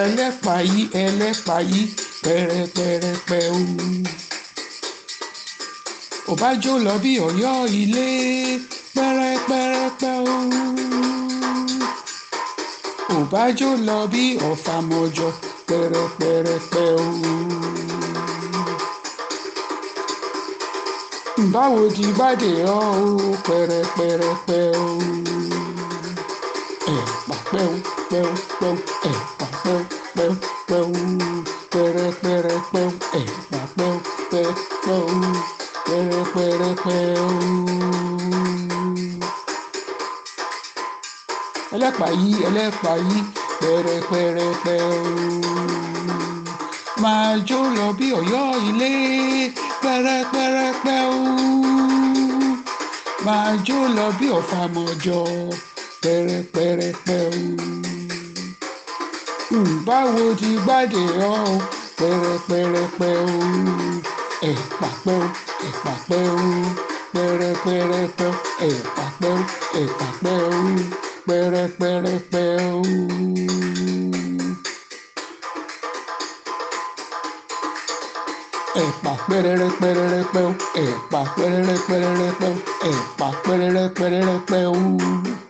ẹlẹ́pàáyí ẹlẹ́pàáyí pẹ̀rẹ̀pẹ̀rẹ̀pẹ̀ o. òbájú lọ bí ọ̀yọ́ ilé pẹ̀rẹ̀pẹ̀rẹ̀pẹ̀ o. òbájú lọ bí ọ̀fàmọ̀jọ pẹ̀rẹ̀pẹ̀rẹ̀pẹ̀ o. báwo di bàdé ọ o pẹ̀rẹ̀pẹ̀rẹ̀pẹ̀ o. ẹ̀ pàpẹ́ o pẹ́ o pẹ́ o ẹ̀ pẹ́ù pẹ́rẹ́pẹ́rẹ́ pẹ́ù ẹ̀pà pẹ́ù pẹ́ù pẹ́rẹ́pẹ́rẹ́ pẹ́ù. ẹlẹ́pà yí ẹlẹ́pà yí pẹ́rẹ́pẹ́rẹ́ pẹ́ù. máa jó lọ bí ọ̀yọ́ ilé pẹ́rẹ́pẹ́rẹ́ pẹ́ù. máa jó lọ bí ọ̀fà mọ̀jọ pẹ́rẹ́pẹ́rẹ́ báwo ti gbàdé rán o pẹ̀rẹ̀pẹ̀rẹ̀pẹ̀ o ẹ̀pàpẹ́ o ẹ̀pàpẹ́ o pẹ̀rẹ̀pẹ̀rẹ̀pẹ̀ o ẹ̀pàpẹ́ o ẹ̀pàpẹ́ o pẹ̀rẹ̀pẹ̀rẹ̀pẹ̀ o. ẹ̀pà pẹ́rẹ́rẹ́ pẹ́rẹ́rẹ́ pẹ́ o ẹ̀pà pẹ́rẹ́rẹ́ pẹ́rẹ́rẹ́ pẹ́ o ẹ̀pà pẹ́rẹ́rẹ́ pẹ́rẹ́rẹ́ pẹ́ o.